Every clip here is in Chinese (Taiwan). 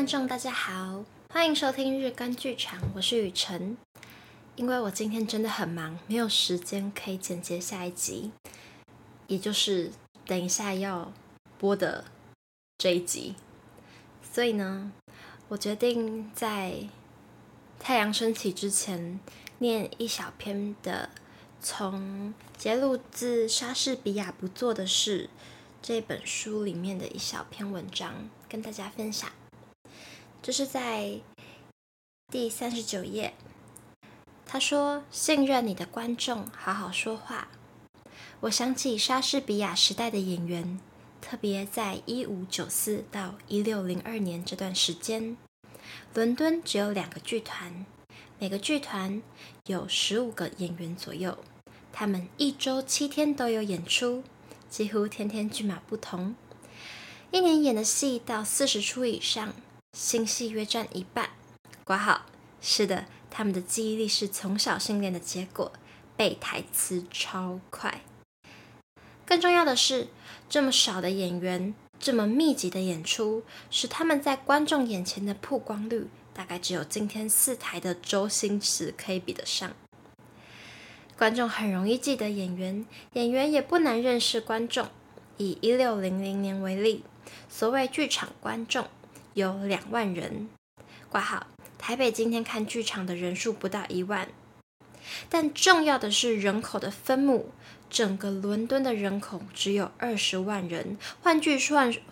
觀眾大家好，歡迎收聽日更劇場，我是雨辰。因為我今天真的很忙，沒有時間可以剪接下一集，也就是等一下要播的這一集，所以呢，我決定在太陽升起之前念一小篇的，從節錄自莎士比亞不做的事這本書裡面的一小篇文章，跟大家分享。這是在第三十九頁，他說：“信任你的觀眾，好好說話。”我想起莎士比亞時代的演員，特別在一五九四到一六零二年這段時間，倫敦只有兩個劇團，每個劇團有十五個演員左右，他們一周七天都有演出，幾乎天天劇碼不同，一年演的戲到四十出以上。星系約占一半。括號是的，他們的記憶力是從小訓練的結果，背台詞超快。更重要的是，這麼少的演員，這麼密集的演出，使他們在觀眾眼前的曝光率，大概只有今天四台的周星馳可以比得上。觀眾很容易記得演員，演員也不難認識觀眾。以一六零零年為例，所謂劇場觀眾。有兩萬人掛號。台北今天看劇場的人數不到一萬，但重要的是人口的分母。整個倫敦的人口只有二十萬人，換句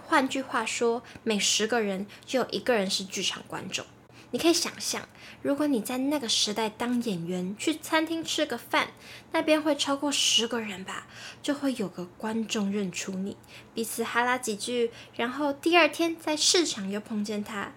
換句話說，每十個人就有一個人是劇場觀眾。你可以想象，如果你在那個時代當演員，去餐廳吃個飯，那邊會超過十個人吧？就會有個觀眾認出你，彼此哈拉幾句，然後第二天在市場又碰見他。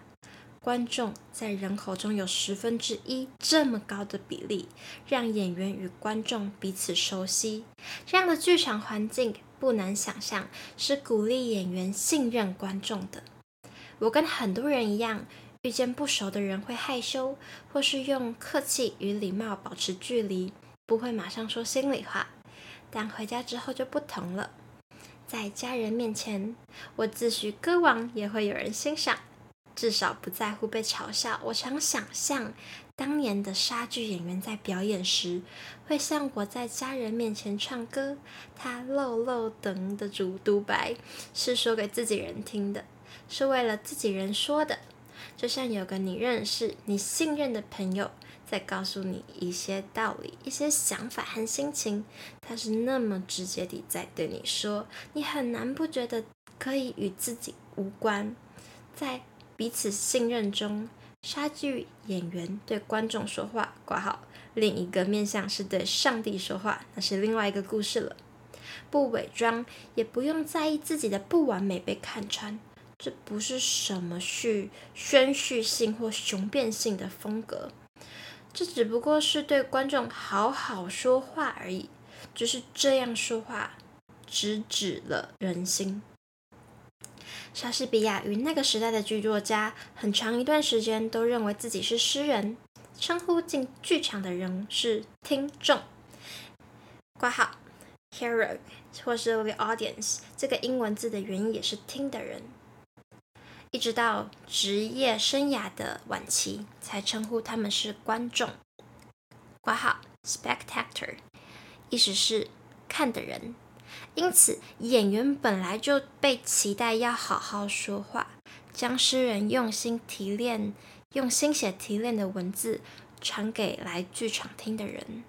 觀眾在人口中有十分之一這麼高的比例，讓演員與觀眾彼此熟悉。這樣的劇場環境不難想象，是鼓勵演員信任觀眾的。我跟很多人一樣。遇見不熟的人會害羞，或是用客氣與禮貌保持距離，不會馬上說心裡話。但回家之後就不同了，在家人面前，我自詡歌王，也會有人欣賞，至少不在乎被嘲笑。我常想像，當年的莎劇演員在表演時，會像我在家人面前唱歌。他落落長的主獨白是說給自己人聽的，是為了自己人說的。就像有個你認識、你信任的朋友，在告訴你一些道理，一些想法和心情，他是那麼直接的在對你說，你很難不覺得可以與自己無關。在彼此信任中，莎劇演員對觀眾說話，掛號，另一個面向是對上帝說話，那是另外一個故事了。不偽裝，也不用在意自己的不完美被看穿。這不是什麼敘宣敘性或雄辯性的風格，這只不過是對觀眾好好說話而已。就是這樣說話，直指了人心。莎士比亞與那個時代的劇作家，很長一段時間都認為自己是詩人，稱呼進劇場的人是聽眾。括號，hero，或是 the audience，這個英文字的原意也是聽的人。一直到職業生涯的晚期，才稱呼他們是觀眾（括號 spectator），意思是看的人。因此，演員本來就被期待要好好說話，將詩人用心提煉、用心血提煉的文字傳給來劇場聽的人。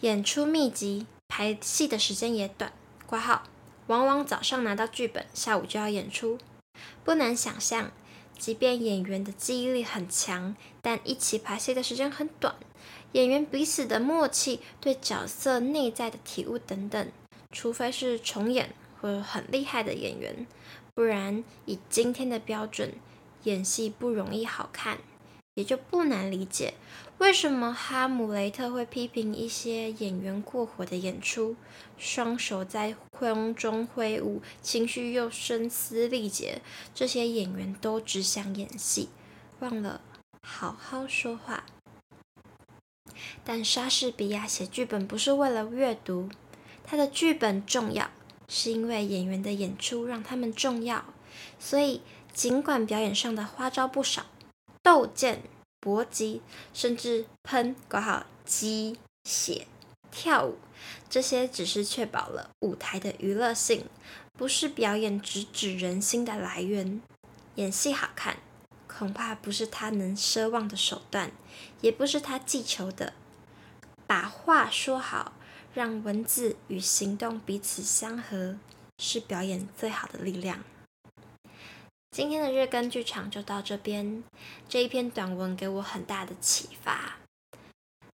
演出密集，排戲的時間也短（括號）。往往早上拿到劇本，下午就要演出。不難想象，即便演員的記憶力很強，但一起排戲的時間很短，演員彼此的默契、對角色內在的體悟等等，除非是重演或很厲害的演員，不然以今天的標準，演戲不容易好看。也就不難理解，為什麼哈姆雷特會批評一些演員過火的演出，雙手在空中揮舞，情緒又聲嘶力竭。這些演員都只想演戲，忘了好好說話。但莎士比亞寫劇本不是為了閱讀，他的劇本重要，是因為演員的演出讓他們重要。所以，儘管表演上的花招不少。鬥劍、搏擊，甚至噴（搞好雞血、跳舞，這些只是確保了舞台的娛樂性，不是表演直指人心的來源。演戲好看，恐怕不是他能奢望的手段，也不是他祈求的。把話說好，讓文字與行動彼此相合，是表演最好的力量。今天的日更劇場就到這邊。這一篇短文給我很大的啟發。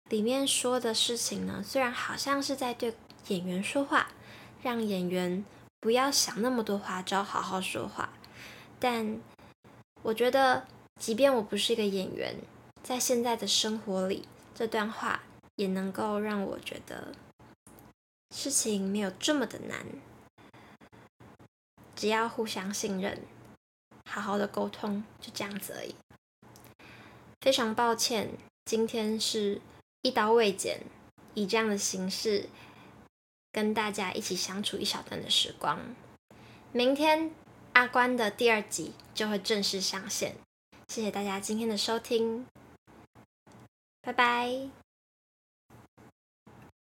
裡面說的事情呢，雖然好像是在對演員說話，讓演員不要想那麼多花招，找好好說話。但我覺得，即便我不是一個演員，在現在的生活裡，這段話也能夠讓我覺得事情沒有這麼的難。只要互相信任。好好的溝通，就這樣子而已。非常抱歉，今天是一刀未剪，以這樣的形式跟大家一起相處一小段的時光。明天阿關的第二集就會正式上線。謝謝大家今天的收聽，拜拜。